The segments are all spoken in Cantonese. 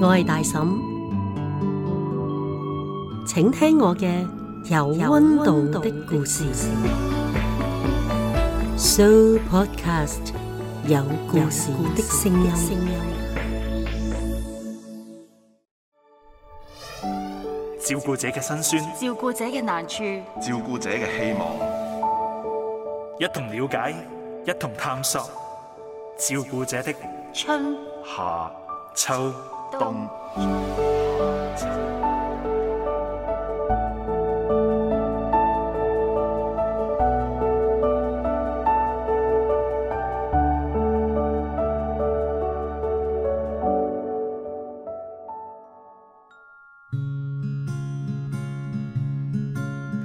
我係大嬸，請聽我嘅有溫度的故事。Show Podcast 有故事的聲音。照顧者嘅辛酸，照顧者嘅難處，照顧者嘅希望，一同了解，一同探索，照顧者的春、夏、秋。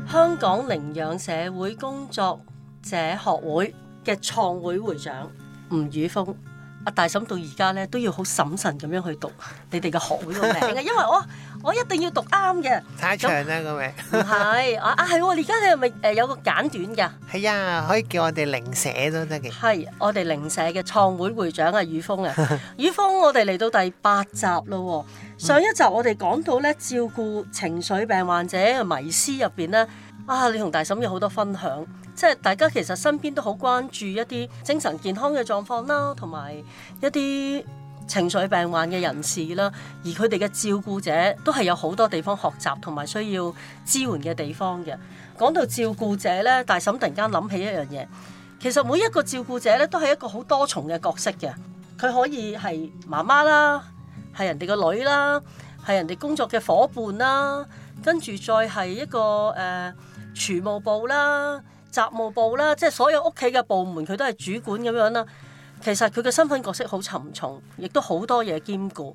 香港領養社會工作者學會嘅創會會長吳宇峰。阿大嬸到而家咧都要好審慎咁樣去讀你哋嘅學會個名嘅， 因為我我一定要讀啱嘅。太長啦個那名，唔 係啊啊係，而家你係咪誒有個簡短噶？係啊，可以叫我哋零舍都得嘅。係我哋零舍嘅創會會長啊，宇峰啊， 宇峰，我哋嚟到第八集咯。上一集我哋講到咧照顧情緒病患者嘅迷思入邊咧。啊！你同大嬸有好多分享，即係大家其實身邊都好關注一啲精神健康嘅狀況啦，同埋一啲情緒病患嘅人士啦，而佢哋嘅照顧者都係有好多地方學習同埋需要支援嘅地方嘅。講到照顧者呢，大嬸突然間諗起一樣嘢，其實每一個照顧者呢都係一個好多重嘅角色嘅，佢可以係媽媽啦，係人哋個女啦，係人哋工作嘅伙伴啦，跟住再係一個誒。呃廚務部啦、雜務部啦，即係所有屋企嘅部門，佢都係主管咁樣啦。其實佢嘅身份角色好沉重，亦都好多嘢兼顧。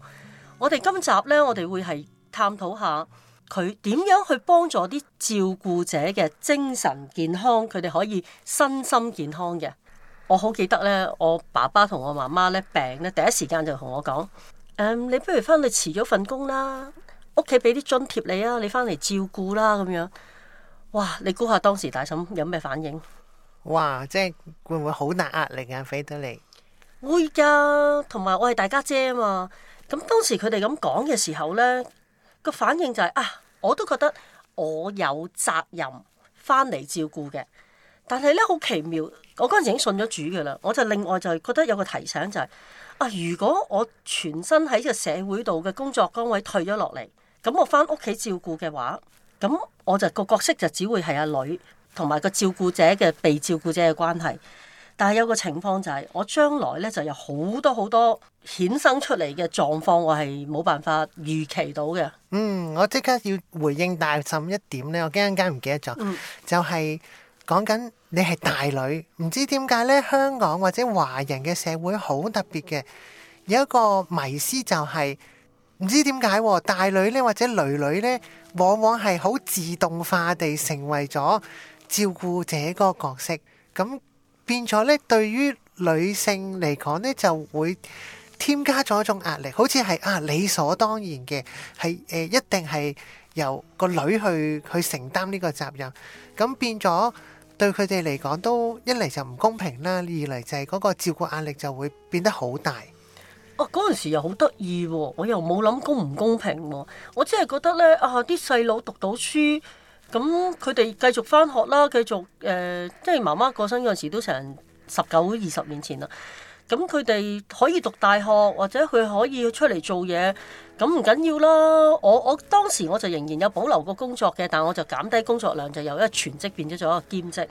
我哋今集呢，我哋會係探討下佢點樣去幫助啲照顧者嘅精神健康，佢哋可以身心健康嘅。我好記得呢，我爸爸同我媽媽呢病呢，第一時間就同我講：誒、um，你不如翻去辭咗份工啦，屋企俾啲津貼你啊，你翻嚟照顧啦，咁樣。哇！你估下當時大嬸有咩反應？哇！即係會唔會好大壓力啊？飛得你會噶，同埋我係大家姐啊嘛。咁當時佢哋咁講嘅時候咧，個反應就係啊，我都覺得我有責任翻嚟照顧嘅。但係咧好奇妙，我嗰陣時已經信咗主噶啦，我就另外就係覺得有個提醒就係啊，如果我全身喺個社會度嘅工作崗位退咗落嚟，咁我翻屋企照顧嘅話。咁我就個角色就只會係阿女同埋個照顧者嘅被照顧者嘅關係，但係有個情況就係、是、我將來咧就有好多好多衍生出嚟嘅狀況，我係冇辦法預期到嘅。嗯，我即刻要回應大浸一點咧，我驚間唔記得咗，嗯、就係講緊你係大女，唔知點解咧？香港或者華人嘅社會好特別嘅，有一個迷思就係、是。唔知點解大女咧或者女女咧，往往係好自動化地成為咗照顧者個角色，咁變咗咧對於女性嚟講咧，就會添加咗一種壓力，好似係啊理所當然嘅，係誒、呃、一定係由個女去去承擔呢個責任，咁變咗對佢哋嚟講都一嚟就唔公平啦，二嚟就係嗰個照顧壓力就會變得好大。哦，嗰陣、啊、時又好得意喎，我又冇諗公唔公平喎、啊，我只係覺得呢啊，啲細佬讀到書，咁佢哋繼續返學啦，繼續誒、呃，即係媽媽過身嗰陣時都成十九二十年前啦，咁佢哋可以讀大學或者佢可以出嚟做嘢，咁唔緊要啦。我我當時我就仍然有保留個工作嘅，但係我就減低工作量，就由一全職變咗做一個兼職。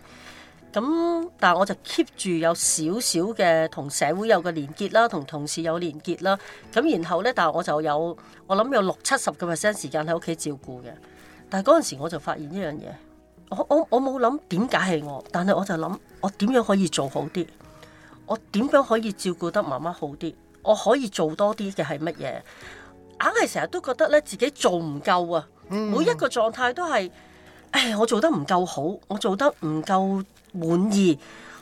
咁但係我就 keep 住有少少嘅同社會有個連結啦，同同事有連結啦。咁然後咧，但係我就有我諗有六七十個 percent 時間喺屋企照顧嘅。但係嗰陣時我就發現一樣嘢，我我我冇諗點解係我，但係我就諗我點樣可以做好啲，我點樣可以照顧得媽媽好啲，我可以做多啲嘅係乜嘢？硬係成日都覺得咧自己做唔夠啊！每一個狀態都係，唉，我做得唔夠好，我做得唔夠。滿意，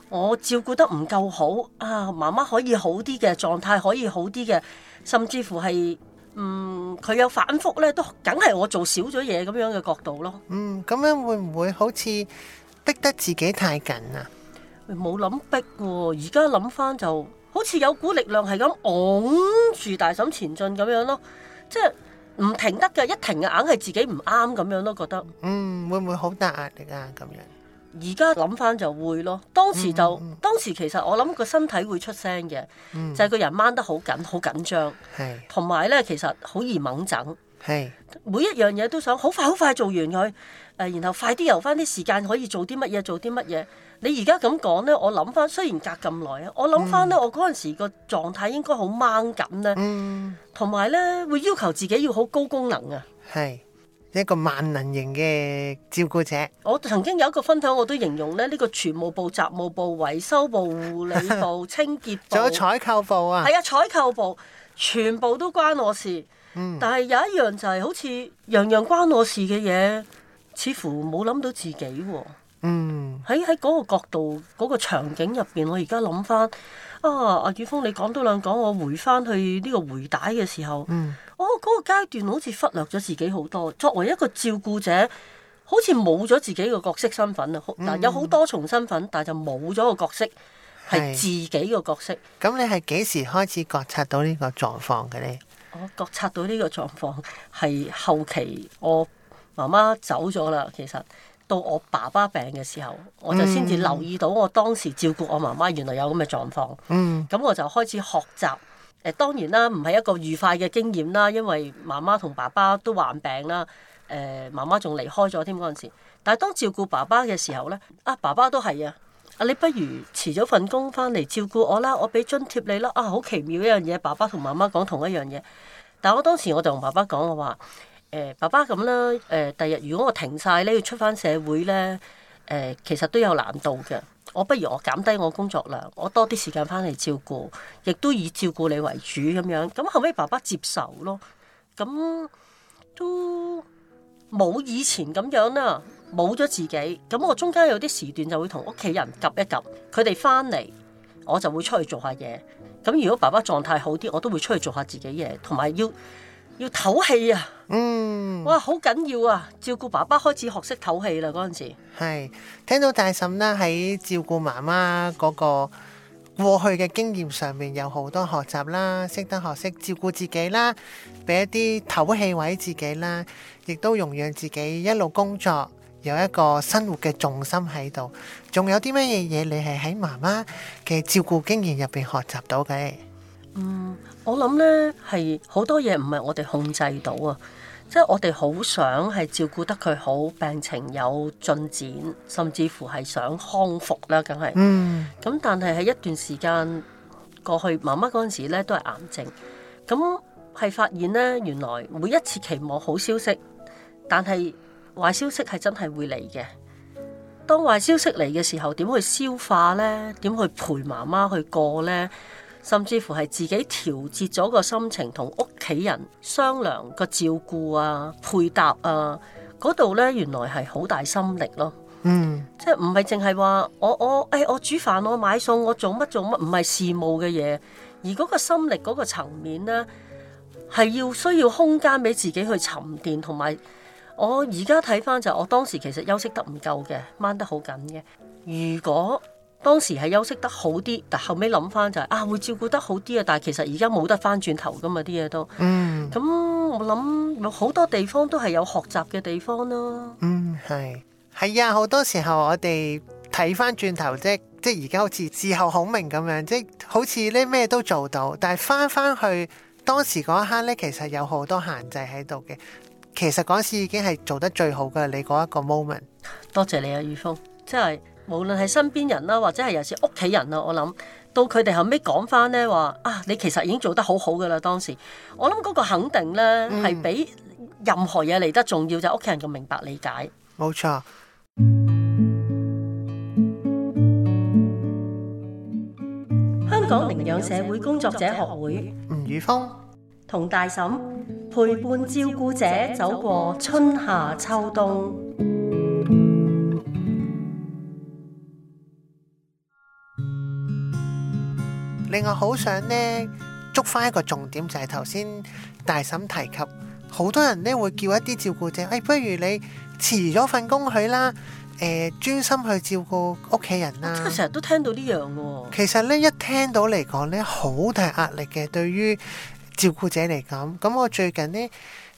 我照顧得唔夠好啊！媽媽可以好啲嘅，狀態可以好啲嘅，甚至乎係，嗯，佢有反覆呢，都梗係我做少咗嘢咁樣嘅角度咯。嗯，咁樣會唔會好似逼得自己太緊啊？冇諗逼，而家諗翻就好似有股力量係咁拱住大嬸前進咁樣咯，即係唔停得嘅，一停啊，硬係自己唔啱咁樣咯，覺得嗯，會唔會好大壓力啊？咁樣。而家諗翻就會咯，當時就當時其實我諗個身體會出聲嘅，就係個人掹得好緊，好緊張，同埋呢其實好易掹緊，每一樣嘢都想好快好快做完佢，然後快啲遊翻啲時間可以做啲乜嘢做啲乜嘢。你而家咁講呢，我諗翻雖然隔咁耐啊，我諗翻呢，我嗰陣時個狀態應該好掹緊呢，同埋呢會要求自己要好高功能啊。係。一個萬能型嘅照顧者，我曾經有一個分享，我都形容咧呢、這個財務部、雜務部、維修部、護理部、 清潔部，仲有採購部啊，係啊，採購部全部都關我事，嗯、但係有一樣就係、是、好似樣樣關我事嘅嘢，似乎冇諗到自己、啊。嗯，喺喺嗰個角度、嗰個場景入邊，我而家諗翻啊，阿劍峰你講多兩講，我回翻去呢個回帶嘅時候，嗯，哦嗰個階段好似忽略咗自己好多，作為一個照顧者，好似冇咗自己嘅角色身份啦。嗱、嗯，但有好多重身份，但係就冇咗個角色係是自己嘅角色。咁你係幾時開始覺察到呢個狀況嘅呢？我覺察到呢個狀況係後期，我媽媽走咗啦，其實。到我爸爸病嘅時候，我就先至留意到我當時照顧我媽媽，原來有咁嘅狀況。咁、嗯、我就開始學習。誒，當然啦，唔係一個愉快嘅經驗啦，因為媽媽同爸爸都患病啦。誒，媽媽仲離開咗添嗰陣時，但係當照顧爸爸嘅時候咧，啊，爸爸都係啊，啊，你不如辭咗份工翻嚟照顧我啦，我俾津貼你啦。啊，好奇妙一樣嘢，爸爸同媽媽講同一樣嘢。但我當時我就同爸爸講，我話。誒、欸、爸爸咁啦，誒、欸、第日如果我停晒咧，要出翻社會咧，誒、欸、其實都有難度嘅。我不如我減低我工作量，我多啲時間翻嚟照顧，亦都以照顧你為主咁樣。咁後尾爸爸接受咯，咁都冇以前咁樣啦，冇咗自己。咁我中間有啲時段就會同屋企人夾一夾，佢哋翻嚟我就會出去做下嘢。咁如果爸爸狀態好啲，我都會出去做下自己嘢，同埋要。要唞氣啊！嗯，哇，好緊要啊！照顧爸爸開始學識唞氣啦嗰陣時。係聽到大嬸啦喺照顧媽媽嗰個過去嘅經驗上面，有好多學習啦，識得學識照顧自己啦，俾一啲唞氣位自己啦，亦都容讓自己一路工作有一個生活嘅重心喺度。仲有啲咩嘢嘢你係喺媽媽嘅照顧經驗入邊學習到嘅？嗯，我諗呢係好多嘢，唔係我哋控制到啊，即係我哋好想係照顧得佢好，病情有進展，甚至乎係想康復啦，梗係。咁、嗯嗯、但係喺一段時間過去，媽媽嗰陣時呢都係癌症，咁、嗯、係發現呢，原來每一次期望好消息，但係壞消息係真係會嚟嘅。當壞消息嚟嘅時候，點去消化呢？點去陪媽媽去過呢？甚至乎係自己調節咗個心情，同屋企人商量個照顧啊、配搭啊，嗰度呢，原來係好大心力咯。嗯，即係唔係淨係話我我，哎我，欸，我煮飯我買餸我做乜做乜，唔係事務嘅嘢，而嗰個心力嗰個層面呢，係要需要空間俾自己去沉澱，同埋我而家睇返就我當時其實休息得唔夠嘅，掹得好緊嘅。如果當時係休息得好啲，但後尾諗翻就係、是、啊，會照顧得好啲啊，但係其實而家冇得翻轉頭㗎嘛啲嘢都。嗯。咁我諗有好多地方都係有學習嘅地方咯。嗯，係係啊，好多時候我哋睇翻轉頭啫，即係而家好似事後孔明咁樣，即係好似咧咩都做到，但係翻翻去當時嗰一刻咧，其實有好多限制喺度嘅。其實嗰時已經係做得最好嘅，你嗰一個 moment。多謝你啊，宇峰。即係。無論係身邊人啦，或者係尤其屋企人啦，我諗到佢哋後尾講返呢話啊，你其實已經做得好好嘅啦。當時我諗嗰個肯定呢係、嗯、比任何嘢嚟得重要，就係屋企人嘅明白理解。冇錯。香港營養社會工作者學會吳宇峰，同大嬸陪伴照顧者走過春夏秋冬。另外好想咧捉翻一個重點，就係頭先大嬸提及，好多人咧會叫一啲照顧者，誒、哎，不如你辭咗份工去啦，誒、呃，專心去照顧屋企人啦。即係成日都聽到呢樣嘅。哦。其實呢，一聽到嚟講呢，好大壓力嘅，對於照顧者嚟講。咁、嗯、我最近呢，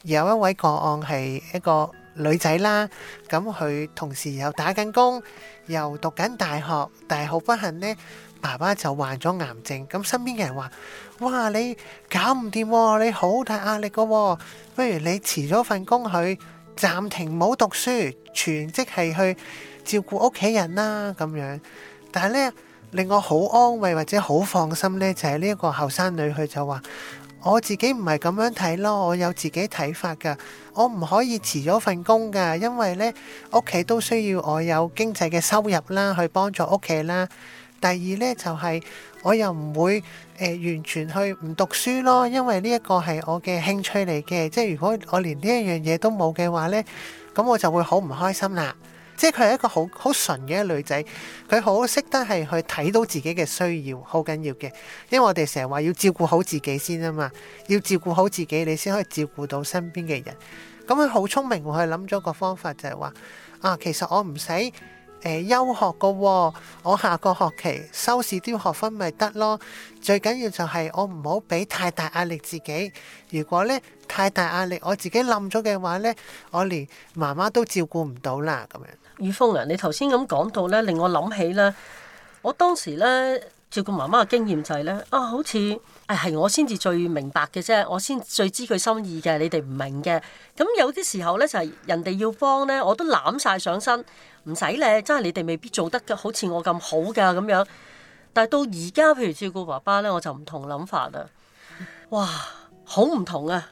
有一位個案係一個女仔啦，咁、嗯、佢同時又打緊工，又讀緊大學，但係好不幸呢。爸爸就患咗癌症，咁身邊嘅人話，哇，你搞唔掂喎，你好大壓力噶喎，不如你辭咗份工，去，暫停冇讀書，全職係去照顧屋企人啦。咁樣，但係咧令我好安慰或者好放心咧，就係呢一個後生女，佢就話我自己唔係咁樣睇咯，我有自己睇法噶，我唔可以辭咗份工噶，因為咧屋企都需要我有經濟嘅收入啦，去幫助屋企啦。第二咧就係、是、我又唔會誒、呃、完全去唔讀書咯，因為呢一個係我嘅興趣嚟嘅。即係如果我連呢一樣嘢都冇嘅話咧，咁我就會好唔開心啦。即係佢係一個好好純嘅一個女仔，佢好識得係去睇到自己嘅需要，好緊要嘅。因為我哋成日話要照顧好自己先啊嘛，要照顧好自己，你先可以照顧到身邊嘅人。咁佢好聰明，佢諗咗個方法就係話啊，其實我唔使。誒、呃，休學嘅、哦，我下個學期收視啲學分咪得咯。最緊要就係我唔好俾太大壓力自己。如果咧太大壓力，我自己冧咗嘅話咧，我連媽媽都照顧唔到啦。咁樣，雨峰啊，你頭先咁講到咧，令我諗起咧，我當時咧照顧媽媽嘅經驗就係咧，啊，好似。係，我先至最明白嘅啫，我先最知佢心意嘅，你哋唔明嘅。咁有啲時候呢，就係、是、人哋要幫呢，我都攬晒上身，唔使咧，真係你哋未必做得好似我咁好噶咁樣。但係到而家，譬如照顧爸爸呢，我就唔同諗法啦。哇，好唔同啊！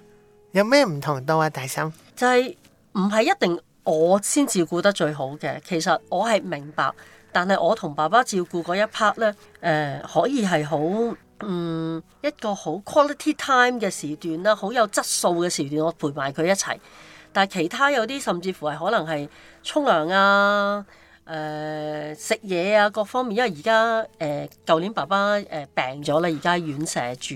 有咩唔同到啊？大生就係唔係一定我先照顧得最好嘅？其實我係明白，但係我同爸爸照顧嗰一 part 咧，誒、呃，可以係好。嗯，一個好 quality time 嘅時段啦，好有質素嘅時段，我陪埋佢一齊。但係其他有啲甚至乎係可能係沖涼啊、誒、呃、食嘢啊各方面，因為而家誒舊年爸爸誒、呃、病咗啦，而家院舍住，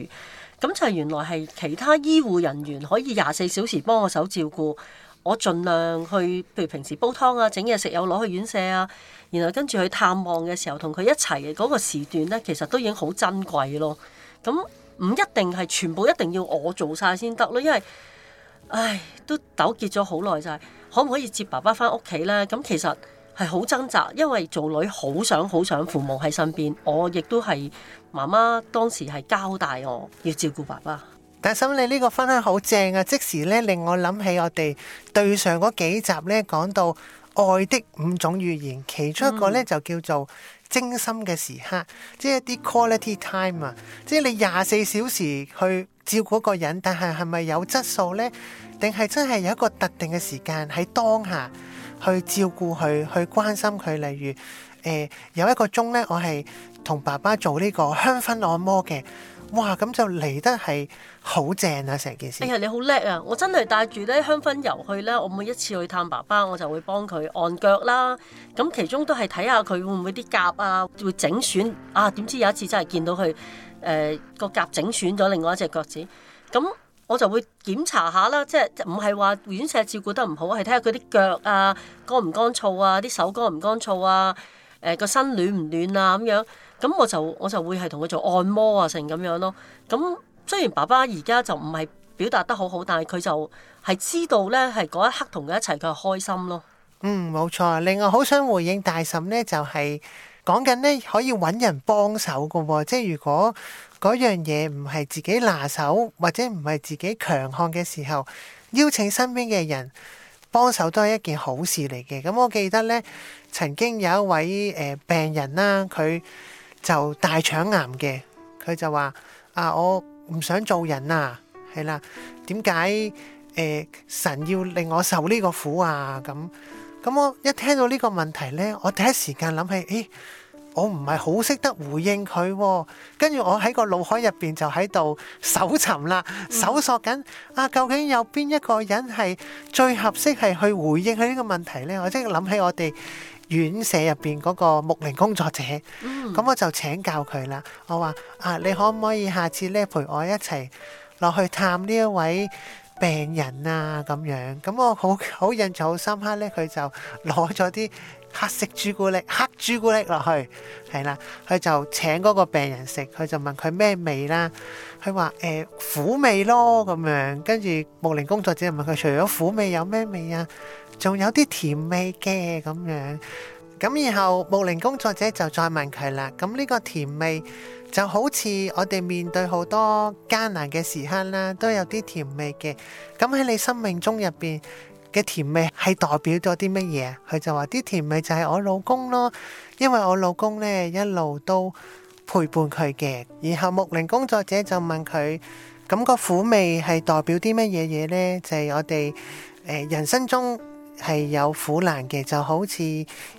咁就原來係其他醫護人員可以廿四小時幫我手照顧。我盡量去，譬如平時煲湯啊、整嘢食，有攞去院舍啊，然後跟住去探望嘅時候，同佢一齊嗰個時段咧，其實都已經好珍貴咯。咁唔一定係全部一定要我做晒先得咯，因為唉，都糾結咗好耐晒。可唔可以接爸爸返屋企咧？咁其實係好掙扎，因為做女好想好想父母喺身邊。我亦都係媽媽當時係交代我要照顧爸爸。但係沈，你呢個分享好正啊！即時咧令我諗起我哋對上嗰幾集咧講到愛的五種語言，其中一個咧就叫做精心嘅時刻，即係一啲 quality time 啊！即係你廿四小時去照顧一個人，但係係咪有質素呢？定係真係有一個特定嘅時間喺當下去照顧佢、去關心佢？例如誒、呃、有一個鐘咧，我係同爸爸做呢個香薰按摩嘅。哇！咁就嚟得係好正啊，成件事。哎呀，你好叻啊！我真係帶住咧香薰油去咧，我每一次去探爸爸，我就會幫佢按腳啦。咁其中都係睇下佢會唔會啲甲啊，會整損啊。點知有一次真係見到佢誒個甲整損咗另外一隻腳趾。咁我就會檢查下啦，即係唔係話院舍照顧得唔好，係睇下佢啲腳啊乾唔乾燥啊，啲手乾唔乾燥啊，誒、呃、個身暖唔暖啊咁樣。咁我就我就會係同佢做按摩啊，成咁樣咯。咁雖然爸爸而家就唔係表達得好好，但係佢就係知道呢係嗰一刻同佢一齊，佢係開心咯。嗯，冇錯。另外，好想回應大嬸呢，就係講緊呢可以揾人幫手㗎，即係如果嗰樣嘢唔係自己拿手或者唔係自己強項嘅時候，邀請身邊嘅人幫手都係一件好事嚟嘅。咁我記得呢曾經有一位誒、呃、病人啦，佢。就大腸癌嘅，佢就話：啊，我唔想做人啊，係啦，點解誒神要令我受呢個苦啊？咁咁我一聽到呢個問題呢，我第一時間諗起，誒，我唔係好識得回應佢，跟住我喺個腦海入邊就喺度搜尋啦，搜索緊啊，究竟有邊一個人係最合適係去回應佢呢個問題呢？我即係諗起我哋。院舍入邊嗰個牧靈工作者，咁、嗯、我就請教佢啦。我話：啊，你可唔可以下次咧陪我一齊落去探呢一位病人啊？咁樣，咁我好好印象好深刻咧。佢就攞咗啲黑色朱古力、黑朱古力落去，係啦。佢就請嗰個病人食，佢就問佢咩味啦。佢話：誒、呃、苦味咯咁樣。跟住牧靈工作者就問佢：除咗苦味有咩味啊？仲有啲甜味嘅咁樣，咁然後牧靈工作者就再問佢啦。咁呢個甜味就好似我哋面對好多艱難嘅時刻啦，都有啲甜味嘅。咁喺你生命中入邊嘅甜味係代表咗啲乜嘢？佢就話啲甜味就係我老公咯，因為我老公呢一路都陪伴佢嘅。然後牧靈工作者就問佢，咁個苦味係代表啲乜嘢嘢呢？就係、是、我哋、呃、人生中。係有苦難嘅，就好似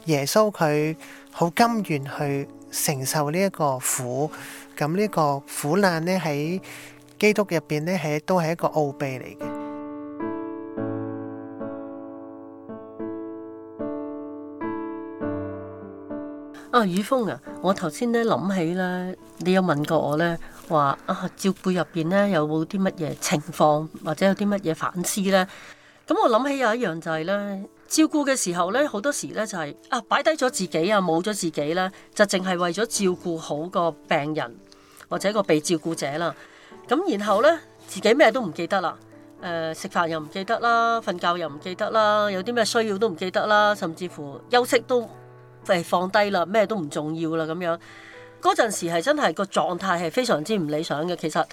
耶穌佢好甘願去承受呢一個苦，咁呢個苦難呢，喺基督入邊呢，係都係一個奧秘嚟嘅。啊，雨峰啊，我頭先咧諗起呢，你有問過我呢話啊，照背入邊呢，有冇啲乜嘢情況，或者有啲乜嘢反思呢？咁我諗起有一樣就係咧，照顧嘅時候咧，好多時咧就係、是、啊，擺低咗自己啊，冇咗自己啦，就淨係為咗照顧好個病人或者個被照顧者啦。咁然後咧，自己咩都唔記得啦，誒、呃，食飯又唔記得啦，瞓覺又唔記得啦，有啲咩需要都唔記得啦，甚至乎休息都放低啦，咩都唔重要啦咁樣。嗰陣時係真係個狀態係非常之唔理想嘅。其實，誒、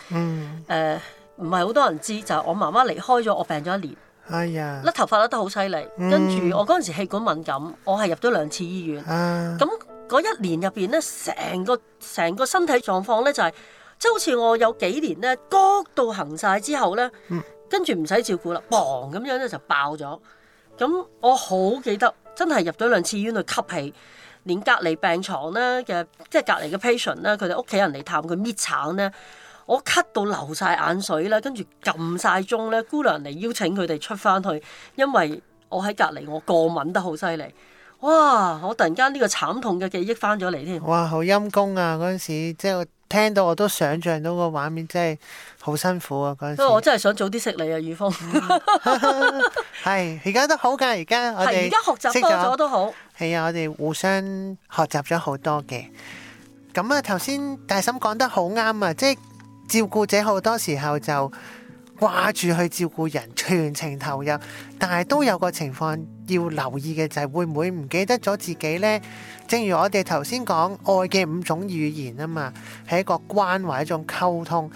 呃，唔係好多人知，就係、是、我媽媽離開咗，我病咗一年。哎呀，甩頭髮甩得好犀利，跟住，嗯、我嗰陣時氣管敏感，我係入咗兩次醫院。咁嗰，啊、一年入邊咧，成個成個身體狀況咧就係、是，即、就、係、是、好似我有幾年咧，嗰度行晒之後咧，跟住唔使照顧啦，嘣咁樣咧就爆咗。咁我好記得，真係入咗兩次醫院去吸氣，連隔離病床咧嘅，即係隔離嘅 patient 咧，佢哋屋企人嚟探佢搣橙咧。我咳到流晒眼水啦，跟住撳晒鐘咧，姑娘嚟邀請佢哋出翻去，因為我喺隔離我過敏得好犀利。哇！我突然間呢個慘痛嘅記憶翻咗嚟添。哇！好陰功啊！嗰陣時即係聽到我都想像到個畫面，真係好辛苦啊！嗰陣時我真係想早啲識你啊，宇峰。係而家都好㗎，而家我哋識咗都好。係啊，我哋互相學習咗好多嘅。咁啊，頭先大嬸講得好啱啊，即係。照顧者好多時候就掛住去照顧人，全程投入，但係都有個情況要留意嘅就係會唔會唔記得咗自己呢？正如我哋頭先講愛嘅五種語言啊嘛，係一個關懷一種溝通，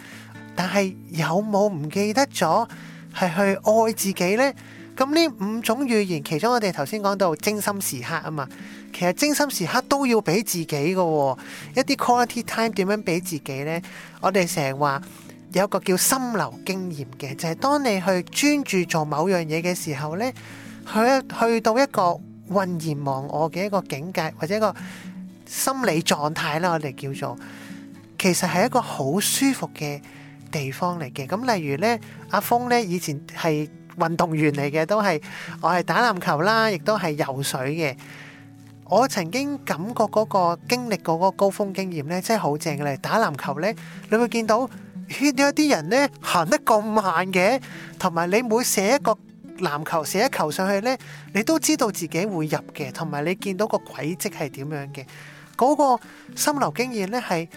但係有冇唔記得咗係去愛自己呢？咁呢五種語言其中我哋頭先講到精心時刻啊嘛。其實，精心時刻都要俾自己嘅、哦、一啲 quality time，點樣俾自己呢？我哋成日話有一個叫心流經驗嘅，就係、是、當你去專注做某樣嘢嘅時候呢，佢去，去到一個渾然忘我嘅一個境界，或者一個心理狀態啦，我哋叫做其實係一個好舒服嘅地方嚟嘅。咁例如呢，阿峰呢，以前係運動員嚟嘅，都係我係打籃球啦，亦都係游水嘅。我曾經感覺嗰個經歷過嗰個高峰經驗咧，真係好正嘅。打籃球咧，你會見到，哎、呢有啲人咧，行得咁慢嘅，同埋你每射一個籃球，射一球上去咧，你都知道自己會入嘅，同埋你見到個軌跡係點樣嘅，嗰、那個心流經驗咧係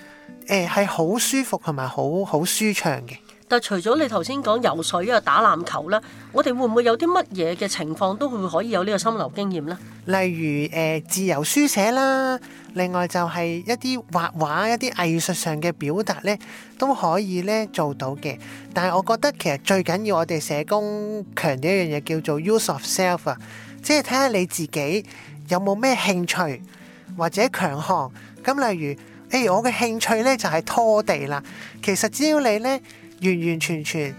誒係好舒服同埋好好舒暢嘅。但除咗你頭先講游水啊、打籃球啦，我哋會唔會有啲乜嘢嘅情況都會可以有呢個心流經驗呢？例如誒、呃、自由書寫啦，另外就係一啲畫畫、一啲藝術上嘅表達呢，都可以呢做到嘅。但係我覺得其實最緊要我哋社工強調一樣嘢叫做 use of self 啊，即係睇下你自己有冇咩興趣或者強項。咁例如誒、哎、我嘅興趣呢就係、是、拖地啦，其實只要你呢。完完全全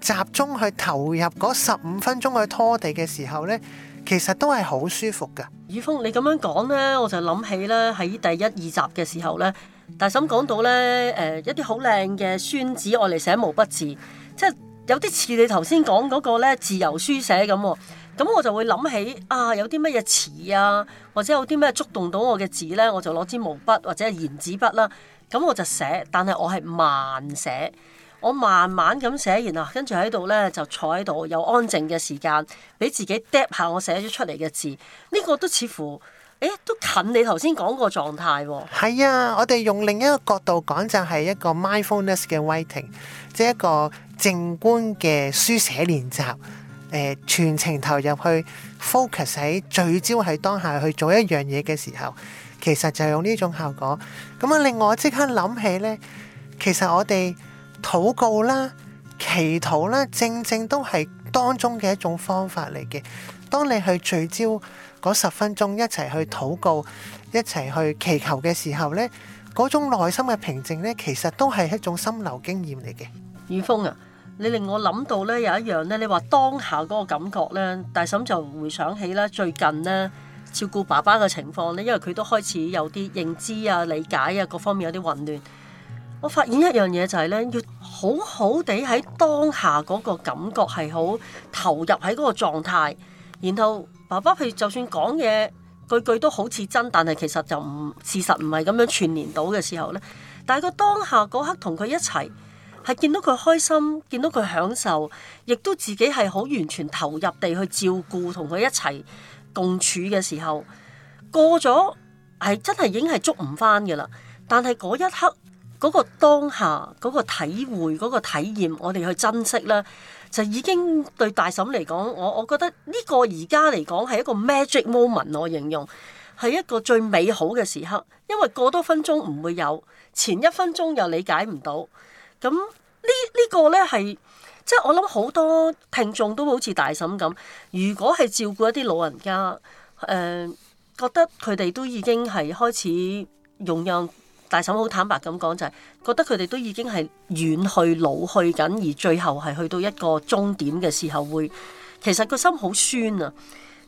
集中去投入嗰十五分鐘去拖地嘅時候呢，其實都係好舒服噶。雨峰，你咁樣講呢，我就諗起呢喺第一、二集嘅時候呢，大嬸講到呢，誒、呃、一啲好靚嘅宣紙我嚟寫毛筆字，即係有啲似你頭先講嗰個呢自由書寫咁喎。咁我就會諗起啊，有啲乜嘢詞啊，或者有啲咩觸動到我嘅字呢，我就攞支毛筆或者硯紙筆啦，咁我就寫，但係我係慢寫。我慢慢咁寫完啦，跟住喺度咧就坐喺度，有安靜嘅時間，俾自己 drop 下我寫咗出嚟嘅字。呢個都似乎，誒都近你頭先講個狀態喎。係啊，我哋用另一個角度講，就係一個 mindfulness 嘅 writing，即係一個靜觀嘅書寫練習。誒，全程投入去 focus 喺聚焦喺當下去做一樣嘢嘅時候，其實就用呢種效果。咁啊，令我即刻諗起咧，其實我哋，禱告啦，祈禱啦，正正都係當中嘅一種方法嚟嘅。當你去聚焦嗰十分鐘，一齊去禱告，一齊去祈求嘅時候，呢嗰種內心嘅平靜呢，其實都係一種心流經驗嚟嘅。雨峰啊，你令我諗到呢有一樣呢，你話當下嗰個感覺呢，大嬸就回想起啦，最近呢照顧爸爸嘅情況呢，因為佢都開始有啲認知啊、理解啊各方面有啲混亂。我發現一樣嘢就係咧，要好好地喺當下嗰個感覺係好投入喺嗰個狀態。然後爸爸佢就算講嘢，句句都好似真，但係其實就唔事實唔係咁樣串聯到嘅時候呢。但係佢當下嗰刻同佢一齊係見到佢開心，見到佢享受，亦都自己係好完全投入地去照顧同佢一齊共處嘅時候，過咗係真係已經係捉唔翻㗎喇。但係嗰一刻。嗰個當下嗰個體會嗰個體驗，我哋去珍惜啦。就已經對大嬸嚟講，我我覺得呢個而家嚟講係一個 magic moment 我形容係一個最美好嘅時刻，因為過多分鐘唔會有，前一分鐘又理解唔到，咁、呢個、呢呢個咧係即係我諗好多聽眾都好似大嬸咁，如果係照顧一啲老人家，誒、呃、覺得佢哋都已經係開始用養。大嬸好坦白咁講就係、是、覺得佢哋都已經係遠去老去緊，而最後係去到一個終點嘅時候會，會其實個心好酸啊！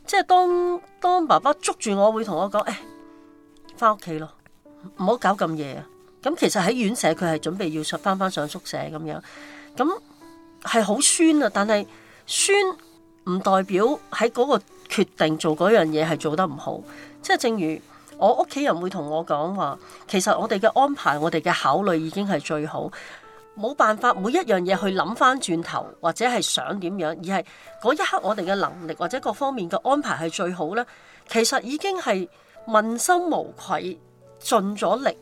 即係當當爸爸捉住我，會同我講：誒、哎，翻屋企咯，唔好搞咁夜啊！咁其實喺院舍，佢係準備要上翻翻上宿舍咁樣，咁係好酸啊！但係酸唔代表喺嗰個決定做嗰樣嘢係做得唔好，即係正如。我屋企人會同我講話，其實我哋嘅安排，我哋嘅考慮已經係最好，冇辦法每一樣嘢去諗返轉頭，或者係想點樣，而係嗰一刻我哋嘅能力或者各方面嘅安排係最好咧。其實已經係問心無愧，盡咗力。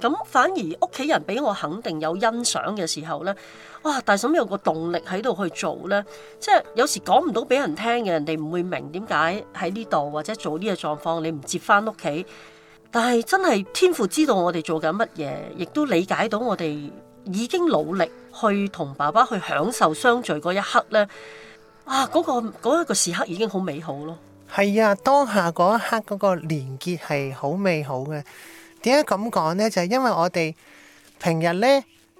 咁反而屋企人俾我肯定有欣賞嘅時候呢，哇！大嬸有個動力喺度去做呢。即係有時講唔到俾人聽嘅，人哋唔會明點解喺呢度或者做呢個狀況，你唔接翻屋企。但係真係天父知道我哋做緊乜嘢，亦都理解到我哋已經努力去同爸爸去享受相聚嗰一刻呢。啊，嗰個嗰一個時刻已經好美好咯。係啊，當下嗰一刻嗰個連結係好美好嘅。點解咁講呢？就係因為我哋平日呢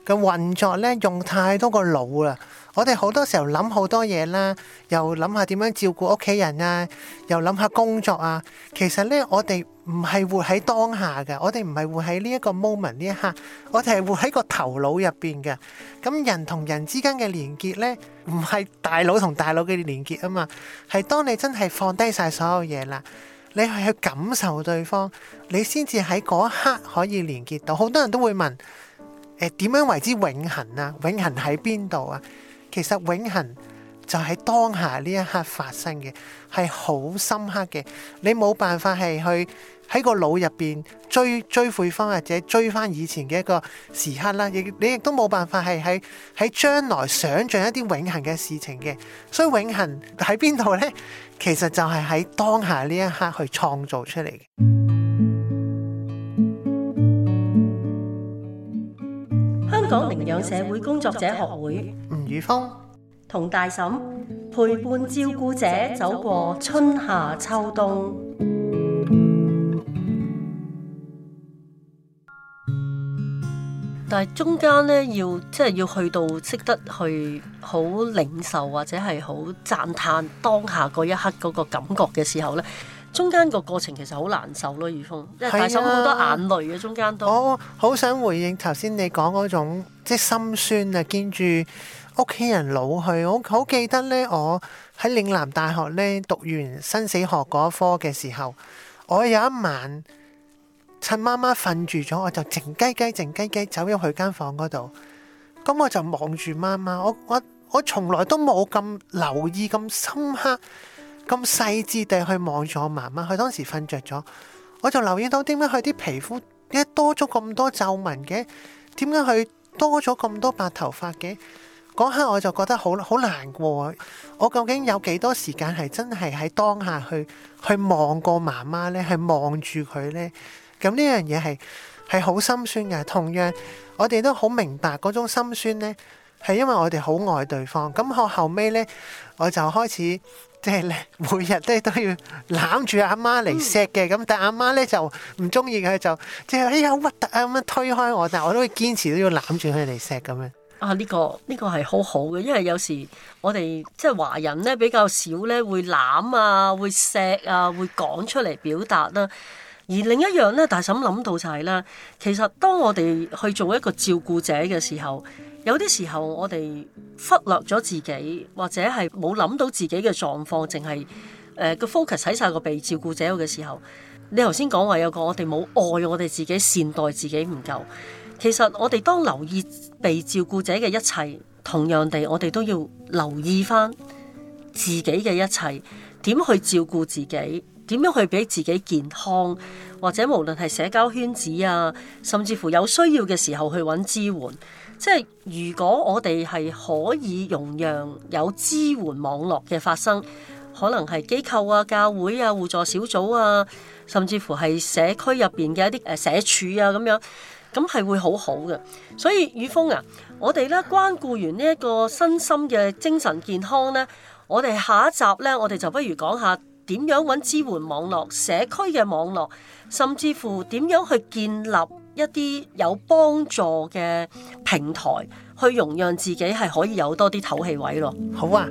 嘅運作呢，用太多個腦啦。我哋好多時候諗好多嘢啦，又諗下點樣照顧屋企人啊，又諗下工作啊。其實呢，我哋唔係活喺當下嘅，我哋唔係活喺呢一個 moment 呢一刻，我哋係活喺個頭腦入邊嘅。咁人同人之間嘅連結呢，唔係大腦同大腦嘅連結啊嘛，係當你真係放低晒所有嘢啦。你係去感受對方，你先至喺嗰一刻可以連結到。好多人都會問：誒、呃、點樣為之永恆啊？永恆喺邊度啊？其實永恆就喺當下呢一刻發生嘅，係好深刻嘅。你冇辦法係去。喺個腦入邊追追悔翻，或者追翻以前嘅一個時刻啦。亦你亦都冇辦法係喺喺將來想像一啲永恆嘅事情嘅。所以永恆喺邊度呢？其實就係喺當下呢一刻去創造出嚟嘅。香港營養社會工作者學會吳宇峰同大嬸陪伴照顧者走過春夏秋冬。但係中間咧，要即係要去到識得去好領受，或者係好讚歎當下嗰一刻嗰個感覺嘅時候咧，中間個過程其實好難受咯、啊，如風即係睇到好多眼淚嘅中間都。啊、我好想回應頭先你講嗰種即係心酸啊，見住屋企人老去，我好記得咧，我喺嶺南大學咧讀完生死學嗰科嘅時候，我有一晚。趁媽媽瞓住咗，我就靜雞雞、靜雞雞走咗去間房嗰度。咁我就望住媽媽，我我我從來都冇咁留意、咁深刻、咁細緻地去望住我媽媽。佢當時瞓着咗，我就留意到點解佢啲皮膚一多咗咁多皺紋嘅？點解佢多咗咁多白頭髮嘅？嗰刻我就覺得好好難過。我究竟有幾多時間係真係喺當下去去望過媽媽咧？去望住佢咧？咁呢樣嘢係係好心酸嘅，同樣我哋都好明白嗰種心酸咧，係因為我哋好愛對方。咁我後尾咧，我就開始即係每日都都要攬住阿媽嚟錫嘅。咁但阿媽咧就唔中意佢，就即係哎呀好核突啊咁樣推開我。但我都會堅持都要攬住佢嚟錫咁樣。啊，呢個呢個係好好嘅，因為有時我哋即係華人咧比較少咧會攬啊，會錫啊，會講出嚟表達啦、啊。而另一樣咧，大嬸諗到就係咧，其實當我哋去做一個照顧者嘅時候，有啲時候我哋忽略咗自己，或者係冇諗到自己嘅狀況，淨係誒個 focus 喺晒個被照顧者嘅時候。你頭先講話有個我哋冇愛我哋自己，善待自己唔夠。其實我哋當留意被照顧者嘅一切，同樣地，我哋都要留意返自己嘅一切，點去照顧自己。點樣去俾自己健康，或者無論係社交圈子啊，甚至乎有需要嘅時候去揾支援。即係如果我哋係可以容讓有支援網絡嘅發生，可能係機構啊、教會啊、互助小組啊，甚至乎係社區入邊嘅一啲社處啊咁樣，咁係會好好嘅。所以雨峰啊，我哋咧關顧完呢一個身心嘅精神健康呢，我哋下一集呢，我哋就不如講下。點樣揾支援網絡、社區嘅網絡，甚至乎點樣去建立一啲有幫助嘅平台，去容讓自己係可以有多啲透氣位咯。好啊。